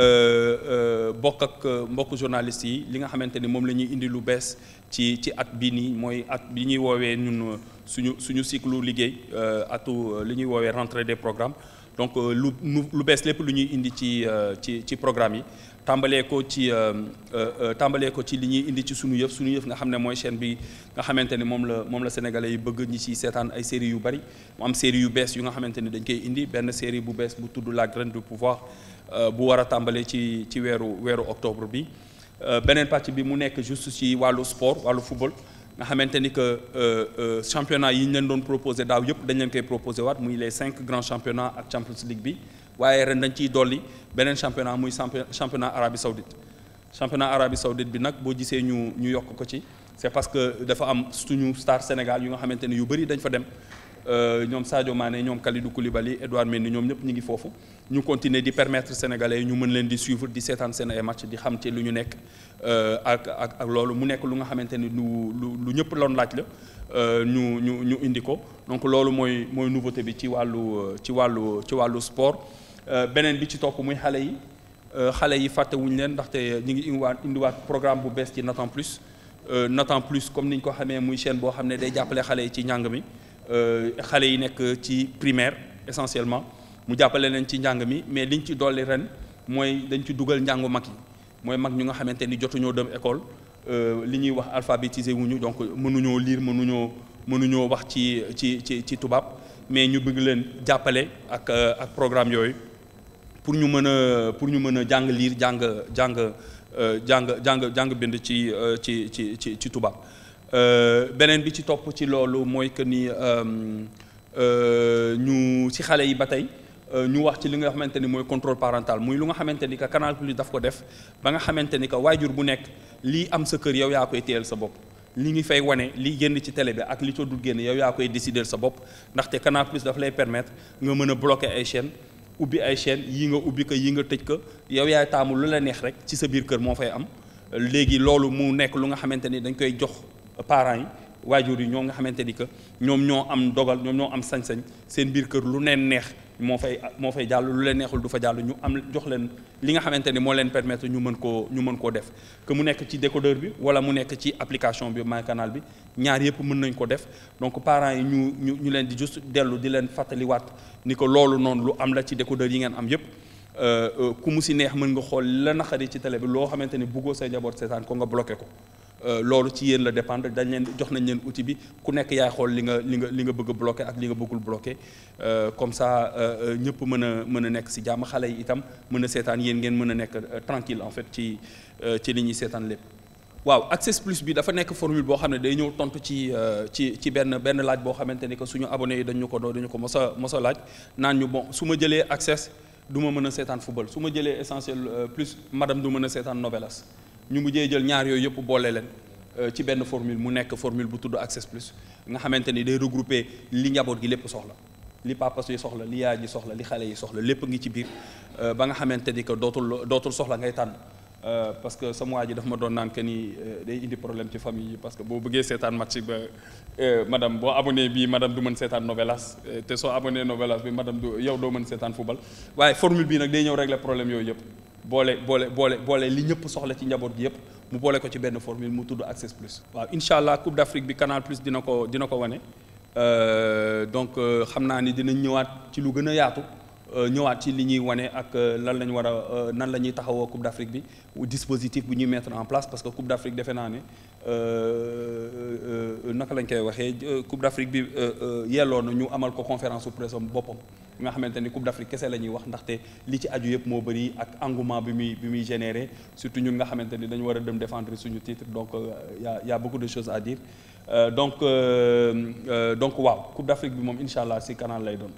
Euh, euh, bokk ak euh, mbokk journaliste yi li nga xamante ni moom la ñuy indi lu bees ci ci at bi nii mooy at bi ñuy woowee ñun suñu suñu cycle liggéey atu li ñuy woowee rentre des programmes donc euh, lu lu bees lépp lu ñuy indi ci euh, ci ci programme yi tàmbalee ko ci euh, tàmbalee ko ci li ñuy indi ci suñu yëf suñu yëf nga xam ne mooy chaîne bi nga xamante ni moom la moom la sénégalais yi bëgg ñi ci seetaan ay série yu bari mu am série yu bees yu nga xamante ni dañ koy indi benn série bu bees bu tudd la grande du pouvoir bu war a tàmbalee ci ci weeru weeru octobre bi beneen pàcc bi mu nekk juste ci wàllu sport wàllu football nga xamante ni que euh, euh, championnat yi ñu leen doon proposé daaw yëpp dañ leen koy proposé waat muy les cinq grands championnats ak Champions League bi waaye ren dañ ciy dolli beneen championnat muy championnat Arabie Saoudite championnat Arabie Saoudite bi nag boo gisee ñu ñu yokk ko ci c'est parce que dafa am suñu star Sénégal yu nga xamante ni yu bëri dañ fa dem Euh, ñoom Sadio Mané ñoom li Koulibaly Edouard ni ñoom ñëpp ñu ngi foofu ñu continuer di permettre sénégalais ñu mën leen di suivre di seetaan seen ay match di xam ci lu ñu nekk euh, ak ak ak loolu mu nekk lu nga xamante ni lu lu lu ñëpp loon laaj la euh, ñu ñu ñu indi ko donc loolu mooy mooy nouveauté bi ci wàllu ci wàllu ci wàllu sport beneen bi ci topp muy xale yi xale yi fàttewuñu leen ndaxte ñu ngi indiwaat indiwaat programme bu bees ci Natan Plus Natan Plus comme ni ñu ko xamee muy chaîne boo xam ne day jàppale xale yi ci njàng mi Euh, xale yi nekk ci primaire essentiellement mu jàppale leen ci njàng mi mais liñ ci dolli ren mooy dañ ci dugal njàngu mag yi mooy mag ñu nga xamante ni jotuñoo dem école euh, li ñuy wax alphabétisé wuñu donc mënuñoo lire mënuñoo mënuñoo wax ci ci ci ci tubaab mais ñu bugg leen jàppale ak euh, ak programme yooyu pour ñu mën a pour ñu mën a jàng lire jàng jàng jàng jàng jàng bind ci ci ci ci ci tubaab Euh, beneen bi ci topp ci loolu mooy que ni euh, euh, ñu ci xale yi ba tey ñu wax ci li nga xamante ni mooy contrôle parental muy lu nga xamante ni que Canal Plus daf ko def ba nga xamante ni que waajur bu nekk lii am sa kër yow yaa koy téyel sa bopp. li ngi fay wane li génn ci télé bi ak li codul génn yow yaa koy décider sa bopp ndaxte Canal Plus daf lay permettre nga mën a bloquer ay chaînes ubbi ay chaine yi nga ubbi ko yi nga tëj ko yow yaay taamu lu la neex rek ci sa biir kër moo fay am léegi loolu mu nekk lu nga xamante ni dañ koy jox. parent yi waajur yi ñoom nga xamante ni que ñoom ñoo am dogal ñoom ñoo am sañ-sañ seen biir kër lu leen neex moo fay moo fay jàll lu leen neexul du fa jàll ñu am jox leen li nga xamante ni moo leen permettre ñu mën koo ñu mën koo def que mu nekk ci décodeur bi wala mu nekk ci application bi My bi ñaar yëpp mën nañ ko def donc parents yi ñu ñu ñu leen di juste dellu di leen fàttaliwaat ni que loolu noonu lu am la ci décodeur yi ngeen am yëpp euh, euh, ku mu si neex mën nga xool la naqari ci tele bi loo xamante ni buggoo say njaboot seetaan ko nga bloqué ko Euh, loolu ci yéen la dépendre dañ leen jox nañ leen outil bi ku nekk yaay xool li nga li nga li nga bëgg a ak li nga bëggul bloqué euh, comme ça euh, ñëpp mën a mën a nekk si jàmm xale yi itam mën a seetaan yéen ngeen mën a nekk tranquille en fait ci ci li ñuy seetaan lépp waaw Access Plus bi dafa nekk formule boo xam ne day ñëw tontu ci ci ci benn benn laaj boo xamante ni que suñu abonné yi dañu ko doo dañu ko mos a mos laaj naan ñu bon su ma jëlee Access du ma mën a seetaan football su ma jëlee essentiel plus madame du mën a seetaan novelas ñu mujjee jël ñaar yooyu yëpp boole leen euh, ci benn formule mu nekk formule bu tudd Access Plus nga xamante ni day regrouper li njaboot gi lépp soxla li papas yi soxla li yaay ji soxla li xale yi soxla lépp ngi ci biir euh, ba nga xamante ni que dootul dootul soxla ngay tànn euh, parce que sama waa ji daf ma doon naan que ni day indi problème ci famille yi parce que boo bëggee seetaan match ba madame boo abonné bii madame du mën seetaan novelas te soo abonné novelas bi madame du yow doo mën seetaan football waaye formule bii nag day ñëw régler problème yooyu yëpp. boole boole boole boole li ñëpp soxla ci njaboot gi yëpp mu boole ko ci benn formule mu tudd Access Plus. waaw incha allah Coupe d'Afrique bi Canal dina ko dina ko wane euh, donc euh, xam naa ni dina ñëwaat ci lu gën a yaatu. Euh, ñëwaat ci li ñuy wane ak euh, lan lañ war a euh, nan la ñuy taxawoo Coupe d'Afrique bi dispositif bu ñuy mettre en place parce que Coupe d'Afrique defe naa ne naka lañ koy waxee Coupe d'Afrique bi yelloo na ñu amal ko conférence su presse boppam nga xamante ni Coupe d'Afrique kese lañuy wax ndaxte li ci aju yëpp moo bari ak engouement bi muy bi muy généré surtout ñun nga xamante ni dañu war a dem défendre suñu titre donc y yaa y beaucoup de choses à dire donc donc waaw Coupe d'Afrique bi moom incha allah si canal lay doon.